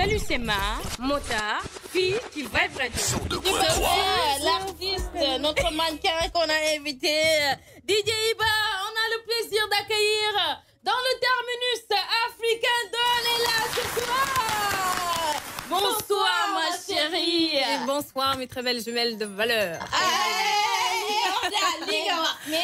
Salut, c'est Ma, Mota, fille qui être radio. De quoi L'artiste, notre mannequin qu'on a invité, Didier Iba, on a le plaisir d'accueillir dans le terminus africain de Léla, ce Bonsoir, ma chérie. Et bonsoir mes très belles jumelles de valeur. Mais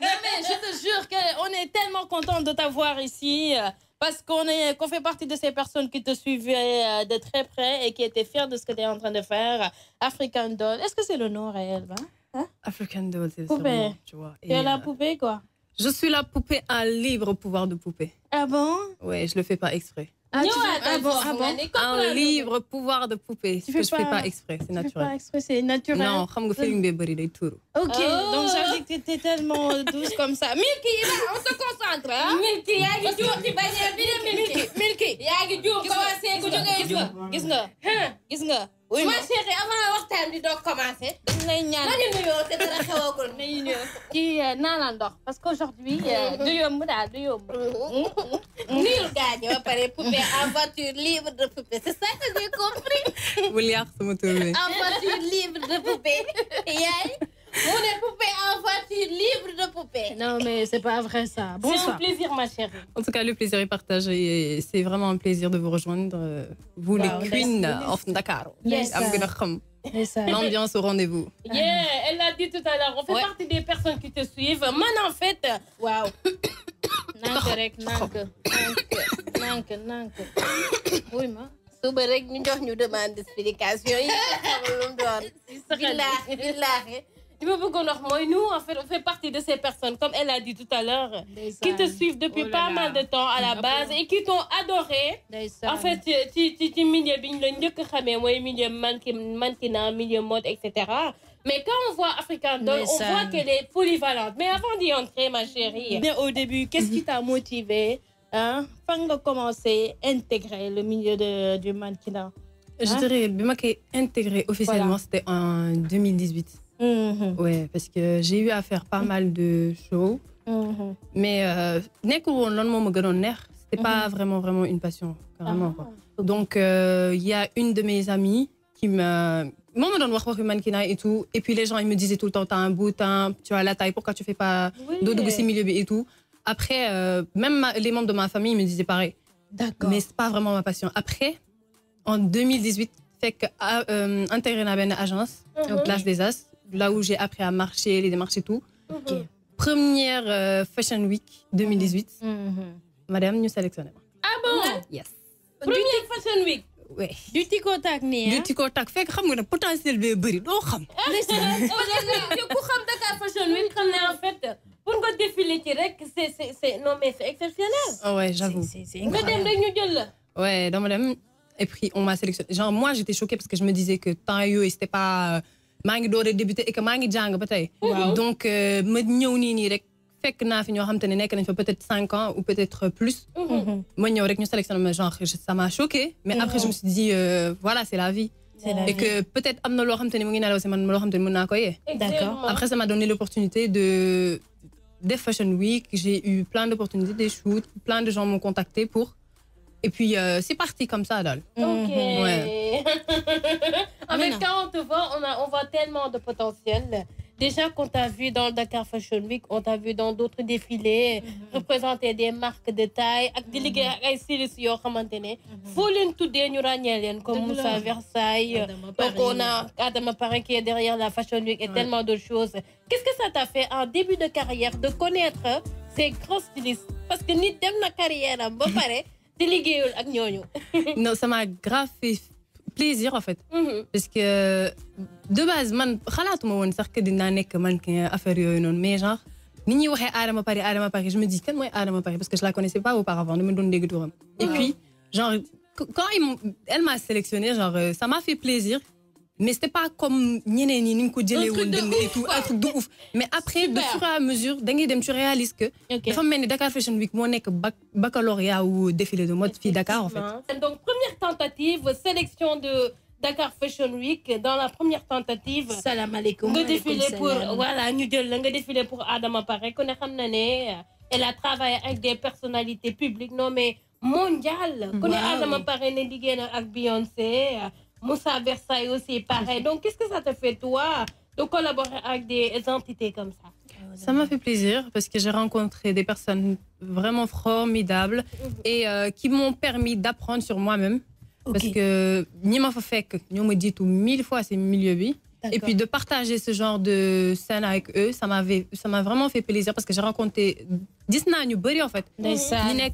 mais je te jure qu'on est tellement content de t'avoir ici euh, parce qu'on fait partie de ces personnes qui te suivaient euh, de très près et qui étaient fiers de ce que tu es en train de faire. African Doll, est-ce que c'est le nom réel hein? Hein? African Doll, c'est le nom, tu es la euh, poupée, quoi Je suis la poupée à libre pouvoir de poupée. Ah bon Oui, je le fais pas exprès. Ah, ah, ah Un livre pouvoir de poupée. Tu fais pas... exprès, c'est naturel. pas exprès, c'est naturel. je une bébé, Ok, oh. donc j'ai dit que tellement douce comme ça. Milky, on se concentre. Hein? Milky, il y a du jour, tu vas dire Milky. Milky, il y a du jour, c'est que tu du Qu'est-ce que commencer qui euh, nañu ci parce parce que aujourd'hui euh, mm-hmm. deux hommes, deux hommes yomb mm-hmm. mm-hmm. nul gagne va parler poupée en voiture libre de poupée c'est ça que j'ai compris bul en voiture libre de poupée on est poupées en voiture, libre de poupée. Non, mais c'est pas vrai ça. Bon c'est un plaisir, ma chérie. En tout cas, le plaisir est partagé. C'est vraiment un plaisir de vous rejoindre. Vous, les queens of Dakar. Yes. L'ambiance au rendez-vous. Yeah, elle l'a dit tout à l'heure. On fait partie des personnes qui te suivent. Man, en fait. Waouh. nank rek, nank. Nank, nank. Oui, ma. suba rek ñu jox ñu demande d'explication yi. Billahi, billahi nous en fait on fait partie de ces personnes comme elle a dit tout à l'heure qui te suivent depuis oh pas mal de temps à la ah base et qui t'ont adoré en fait tu, milieu mannequin milieu mode mais quand on voit African Doll on voit qu'elle est polyvalente mais avant d'y entrer ma chérie mm, au début qu'est-ce qui t'a motivé hein de commencer, intégrer le milieu de du mannequinat je hein? dirais que intégrer intégré officiellement c'était en 2018 Mhm. Ouais, parce que j'ai eu à faire pas mal de shows. Mhm. Mais ce euh, n'est pas mhm. vraiment, vraiment une passion, ah. Donc, il euh, y a une de mes amies qui me. Moi, je me donne voir et tout. Et puis, les gens, ils me disaient tout le temps tu as un bout tu as la taille, pourquoi tu fais pas dodo milieu et tout. Après, euh, même les membres de ma famille me disaient pareil. D'accord. Mais n'est pas vraiment ma passion. Après, en 2018, fait que euh, intégré une agence, au place des As là où j'ai appris à marcher, les démarches et tout. Première euh, Fashion Week 2018, mhm. Madame nous sélectionnons. Ah bon Yes. Première Fashion Week oui. du tikko tak hein du contact. Fait que xam nga ne potentiel bee c'est vrai, xam. Oh, ku xam Dakar Fashion Week on est en fait pour nga défiler ci rek c'est. non mais c'est exceptionnel. ah ouais j'avoue. C'est incroyable. Madame rek ñu jël la. ouais donc Madame et puis on m'a sélectionné genre moi j'étais choquée parce que je me disais que tant et c'était pas. Euh, mangi ngi débuté et que mangi jang ba tay donc euh, ma ñëw ni ni rek fekk na fi ñoo xam tane nañ fa peut-être cinq ans ou peut-être plus. Mhm. ma ñëw rek ñu sélectionné ma genre ça m'a choqué. mais mhm. après je me suis dit euh, voilà c'est la vie. et que peut-être amna lo xam tane ne mu ngi naan aussi man lo xam tane mëna ko yé d'accord après ça m'a donné l'opportunité de des Fashion Week j'ai eu plein d'opportunités de shoots plein de gens m'ont contacté pour. Et puis, euh, c'est parti comme ça, lol. Ok. Avec ça, on te voit, on, a, on voit tellement de potentiel. Déjà qu'on t'a vu dans le Dakar Fashion Week, on t'a vu dans d'autres défilés, mhm. représenter des marques de taille, Des des mhm. liggéey ay styliste yoo tout mhm. de comme Moussa Versailles. donc on a ma qui est derrière la Fashion Week et tellement d'autres choses. Qu'est-ce que ça t'a fait en début de carrière de connaître ces grands stylistes parce que ni de la carrière à ba pare. te ak ñooñu. non ça m'a grave fait plaisir en fait. Mm-hmm. parce que de base man xalaatuma woon sax que dina nekk mannequin affaire yooyu noonu mais genre ni ñuy waxee Adama Paris Adama Paris je me dis kan mooy Adama Paris parce que je la connaissais pas auparavant dama doon dégg turam. et mm-hmm. puis genre quand il elle m'a sélectionné genre euh, ça m'a fait plaisir mais c'était pas comme ni ko tout un truc de ouf mais après de fur et à mesure da ngay dem tu réalises que dafa femmes ni Dakar Fashion Week mo nek baccalauréat ou défilé de mode fille Dakar en fait donc première tentative sélection de Dakar Fashion Week dans la première tentative Salam alaykoum de défilé pour voilà ñu jël nga défilé pour Adam Pare elle a travaillé avec des personnalités publiques non mais mondiales Adam ne Adama Pare né ak Beyoncé Moussa Versailles aussi, pareil. Donc, qu'est-ce que ça te fait, toi, de collaborer avec des entités comme ça ça m'a fait plaisir parce que j'ai rencontré des personnes vraiment formidables et euh, qui m'ont permis d'apprendre sur moi-même. Parce que ni m'a fait que on me dit tout mille fois ces milieux et puis de partager ce genre de scène avec eux, ça m'avait, ça m'a vraiment fait plaisir parce que j'ai rencontré Disney new en fait.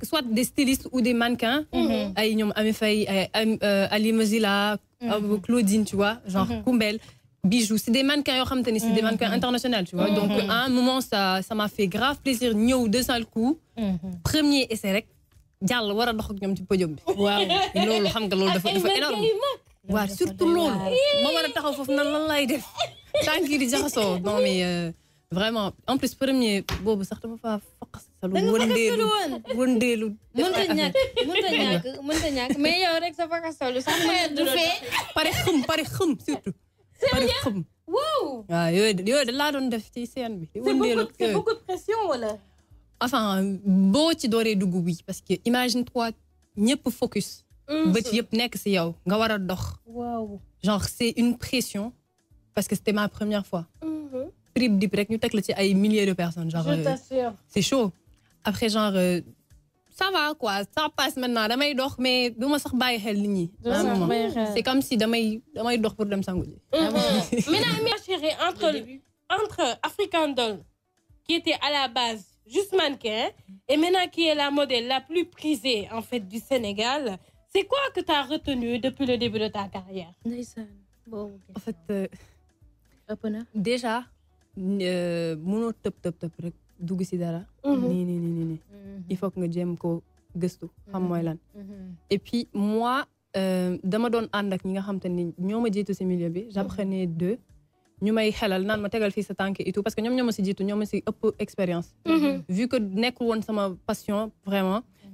Soit des stylistes ou des mannequins. À mm-hmm. euh, Limozilla, mm-hmm. euh, Claudine, tu vois, genre mm-hmm. Kumbel, bijoux. C'est des mannequins, c'est des mannequins internationaux, tu vois. Donc à un moment, ça, ça m'a fait grave plaisir. new deux le coup Premier et c'est podium waaw surtout loolu ma war a taxaw foofu nan lan lay def tant yi di jaxasoo non mais euh, vraiment en plus premier boobu sax dafa faa faqasalu wëndeelu wëndeelu mënta ñàkk mënta ñàkk mënta ñàkk mais yow rek sa faqasalu sax mayet du fee pare xëm pare xëm surtout pare xëm waaw yooyu yooyu da laa doon def ci scène bi wëndeelu c'est beaucoup de pression wala enfin boo ci dooree dugg bi parce que imagine toi ñëpp focus bët yëpp nekk si yow nga war a dox. genre c'est une pression parce que c'était ma première fois. Mhm. trip dip rek ñu teg la ci ay milliers de personnes. genre je euh, t'assure c'est chaud après genre euh, ça va quoi ça passe maintenant damay dox mais du ma sax bàyyi xel nit ñi. c'est comme si damay damay dox pour dem sangu ji. maintenant mhm. ma chérie entre entre African Doll qui était à la base. juste mannequin, et maintenant qui est la modèle la plus prisée en fait du Sénégal, c'est quoi que tu as retenu depuis le début de ta carrière bon, En fait, euh, déjà, euh, mënoo tëb top. tëb rek dugg si dara. Mhm. nii mhm. il faut que nga jéem ko Gusto, xam mhm. lan. et puis moi euh, dama doon ànd ak ñi nga xam te ne ñoo ma jiitu milieu bi j'apprenais d'eux a may xelal nan ma tegal fii sa que. et tout parce que ñoom a dit tout. jiitu ñoo ma si ëpp expérience. vu que nekkul woon sama passion vraiment.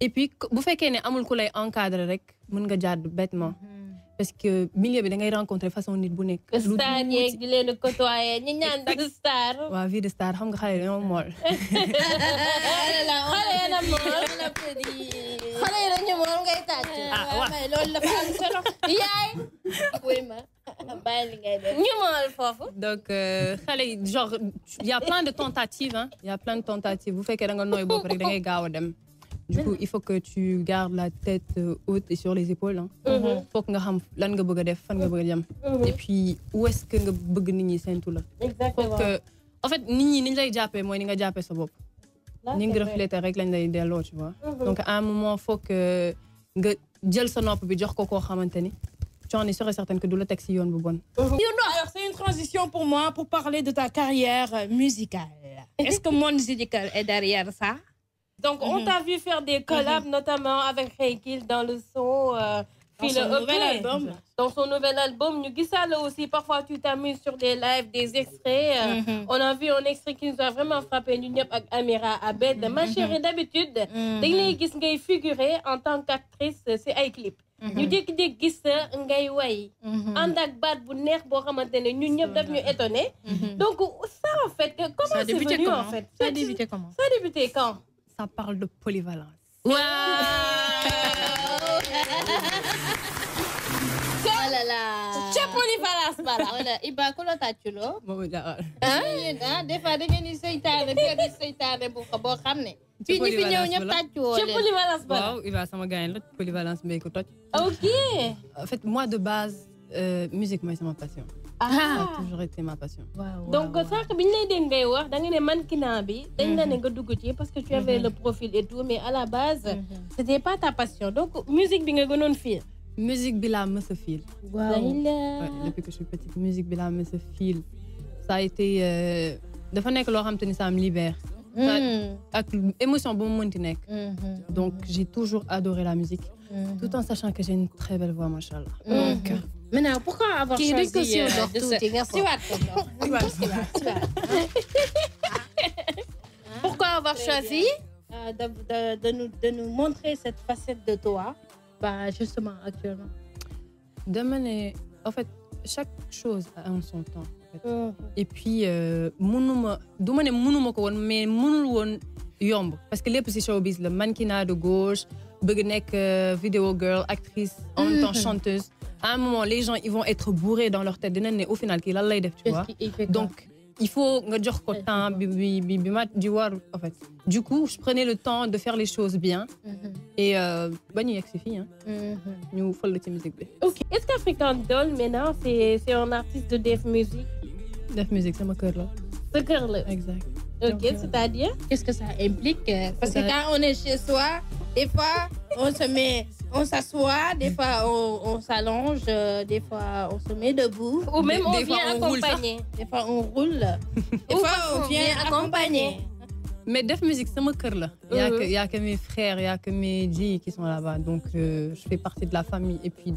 et puis bu fekkee né amul ku lay encadré rek mën nga jàdd bêtement mhm. parce que milieu bi da ngay rencontrer façon nit bu nekk. star yeeg di leen côtoyer ñi ñaan da star. waaw vie de star xam nga dañu dañoo mool. xale yi na na xale yi dañu mool ngay tàcc. ah waaw la dafa am solo. yaay. wuy ma bàyyi li ngay def. ñu mool fofu donc euh, xalé genre, il y' a plein de tentatives hein. Il y' a plein de tentatives bu fekkee da nga noy bopp rek da ngay gawa dem du coup il faut que tu gardes la tête euh, haute et sur les épaules Il hein. mhm. faut que xam lan nga bëgg a def fan nga bëgg mhm. et puis où est-ce que nga bëgg nit ñi là. exactement en fait nit ñi ni ñu lay jàppee mooy ni nga faire, sa bopp ni nga refléter rek lañ lay delloo tu vois mhm. donc à un moment il faut que tu jël sa nopp bi jox ko koo tu en es sûre et certaine que du la teg si yoon bon alors c'est une transition pour moi pour parler de ta carrière musicale est-ce que mon musical est derrière ça donc, on mm-hmm. t'a vu faire des mm-hmm. collabs, notamment avec Reikil dans le son. Euh, dans son nouvel album. Dans son nouvel album, aussi, parfois tu t'amuses sur des lives, des extraits. Euh, mm-hmm. On a vu un extrait qui nous a vraiment frappé, avec Amira Abed. Ma chérie, d'habitude, dès que tu figuré en tant qu'actrice, euh, c'est un clip. ñu a euh, ngay way ànd qui bu neex ñun donc ça en fait comment ça a comment ça a débuté quand ça parle de polyvalence. Wow ah polyvalence eh ben, ok en fait moi de base euh, musique c'est passion ah toujours été ma passion. donc ça bi ñu lay dégg ngay wax da nga ne mannequinat bi. dañ nga parce que tu avais mm-hmm. le profil et tout mais à la base. Mm-hmm. c'était pas ta passion donc musique bi nga gënoon fille. musique bi me se a depuis que je suis petite musique bi me se a ça a été euh, dafa nekk que xam te ça me libère. Mm. ak émotion bu mu mm-hmm. donc j'ai toujours adoré la musique. Mhm. Tout en sachant que j'ai une très belle voix, machallah. Donc, Maintenant, pourquoi avoir choisi euh, de Pourquoi avoir choisi de, nous, montrer cette facette de toi, bah, justement, actuellement Demain, en fait, chaque chose a son temps. En fait. Mhm. Et puis, je euh, ne sais pas mais je Parce que les petits showbiz, le mannequinat de gauche, bëgg euh, vidéo girl actrice en même temps mhm. chanteuse à un moment les gens ils vont être bourrés dans leur tête Et au final qui a lay tu vois donc il faut nga jox war en fait du coup je prenais le temps de faire les choses bien mhm. et y euh, ñu yegg filles hein mhm. ñu fël la musique ok est-ce qu'African Doll maintenant c'est c'est un artiste de Def Music Def Music c'est ma là. C'est cœur là. exact Ok, euh, c'est-à-dire Qu'est-ce que ça implique euh, Parce que quand on est chez soi, des fois, on se met, on s'assoit, des fois, on, s'allonge, euh, des fois, on se met debout. Ou même on vient accompagner. Des fois, on roule. Des fois, on vient accompagner. Mais Def Music, c'est mon cœur là. Il n'y a, que mes frères, il n'y a que mes dits qui sont là-bas. Donc, je fais partie de la famille. Et puis,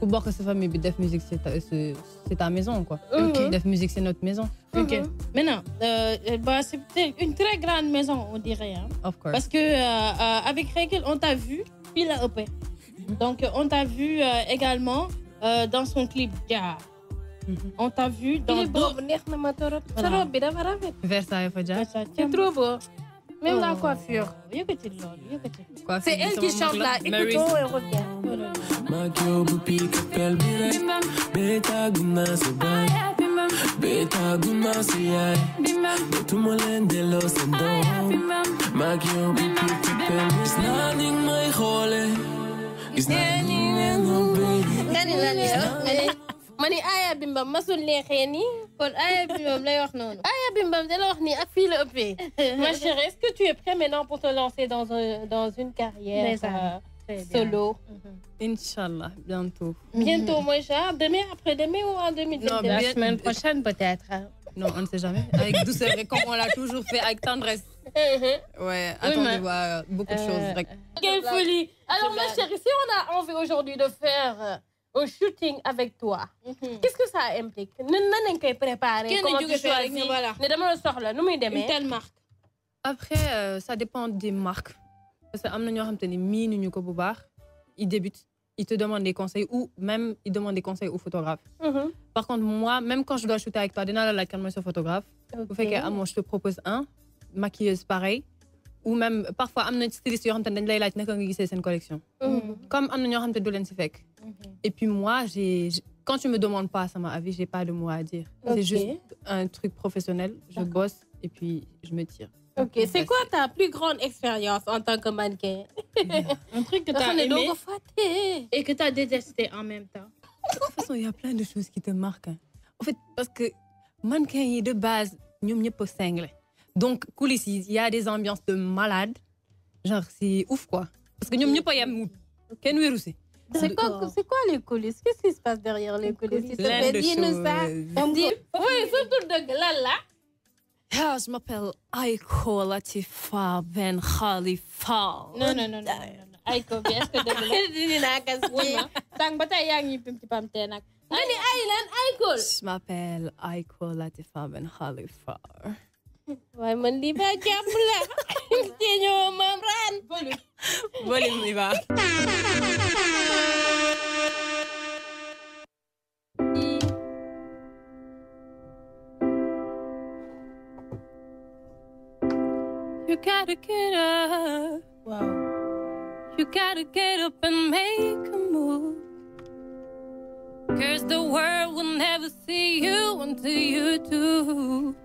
faut voir que c'est famille, mais Def Music, c'est ta, c'est ta maison, quoi. Mm -hmm. Def Music, c'est notre maison. Uh-huh. Ok. Maintenant, euh, bah, c'est une très grande maison, on dirait. Hein. Of course. Parce que euh, euh avec Régul, on t'a vu, puis la OP. Mm-hmm. Donc, on t'a vu euh, également euh, dans son clip Gare. Mm -hmm. On t'a vu dans. Il est beau, voilà. Versailles, C'est trop beau. Même la oh. coiffure. C'est elle qui chante là. Écoutons et revient macho bupika pel bire beta guna se bai beta guna se ai betu de lo sendo macho bupika pel is naning mai khole is naning no baby kani lani yo mani aya bimbam masul neexee xeni kon aya bimbam lay wax noonu aya bimbam da la wax ni ak fi le ëppee ma chérie est-ce que tu es prêt maintenant pour te lancer dans un dans une carrière solo. Mhm. Inch'Allah, bientôt. Mhm. Bientôt, moi, genre, demain, après-demain ou en 2022 Non, la semaine prochaine, peut-être. Hein. Non, on ne sait jamais. Avec douceur, et comme on l'a toujours fait, avec tendresse. Mhm. Ouais, attendez voir euh, beaucoup de euh, choses. Euh, Quelle folie Alors, ma chérie, si on a envie aujourd'hui de faire un shooting avec toi, qu'est-ce que ça implique Nous pas préparé. Comment tu choisis Nous demain. Une telle marque. Après, ça dépend des marques. Parce que am na des xam te ni ils débutent ils te demandent des conseils ou même ils demandent des conseils aux photographes. Mm-hmm. Par contre moi même quand je dois shooter avec toi dinaa la laaj sur photographe, photographe. bu je te propose un maquilleuse pareil. ou même parfois am na styliste xam te ne dañ lay laaj collection. Mm-hmm. comme am na xam te du mm-hmm. et puis moi j'ai quand tu me demandes pas ça m'a avis j'ai pas de mot à dire. c'est juste un truc professionnel je bosse et puis je me tire. Ok, c'est quoi ta plus grande expérience en tant que mannequin Un truc que tu as aimé et que tu as détesté en même temps. De toute façon, il y a plein de choses qui te marquent. Hein. En fait, parce que mannequin de base, nous mieux pas cinglé. Donc, coulisses, il y a des ambiances de malade. Genre, c'est ouf quoi. Parce que nous mieux pas y a Ken C'est quoi, c'est quoi les coulisses Qu'est-ce qui se passe derrière les coulisses S'il te plaît, dis-nous ça. Oui, surtout de là, là. هاج مابيل ايكو لطيفة بن خليفة نو نو نو ايكو بيسكو دبلو ناكس تانك بتا ياني بمتي بامتينك غني ايلان ايكول مابيل ايكو لطيفة بن خليفة واي من لي بقى كاملة تينيو ممران بولي بولي من لي بقى You gotta get up. Wow. You gotta get up and make a move. Cause the world will never see you until you do.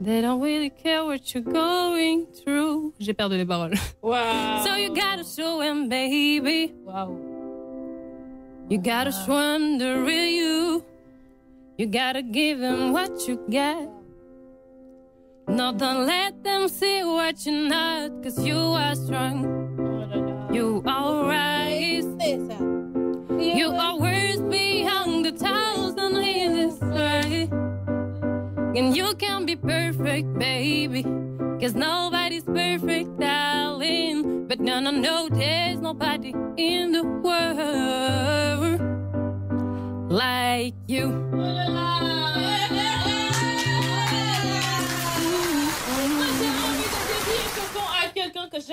They don't really care what you're going through. J'ai perdu les paroles. Wow. So you gotta show baby. Wow. You gotta wow. show the real you. You gotta give them what you got. No, don't let them see what you're not, cause you are strong. You are right. You are worth beyond the thousand in right? And you can be perfect, baby. Cause nobody's perfect, darling. But no, no, no, there's nobody in the world like you.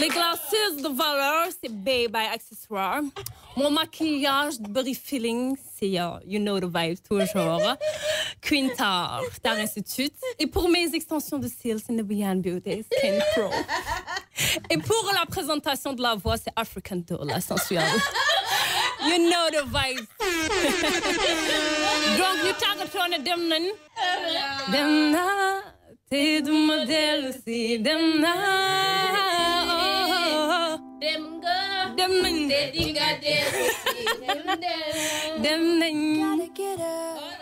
Les glaciers de valeur, c'est Bay by Accessoire. Mon maquillage de Berry Feeling, c'est euh, You Know the Vibe, toujours. Quintar, Tar Institute. Et pour mes extensions de cils, c'est Nubian Beauty, Skin Pro. Et pour la présentation de la voix, c'est African Doll, sensuelle. You know the vibe. Donc, you a demnan. Demna, t'es du modèle demna. Dem go. Dem They Dem I dem Dem Gotta get up.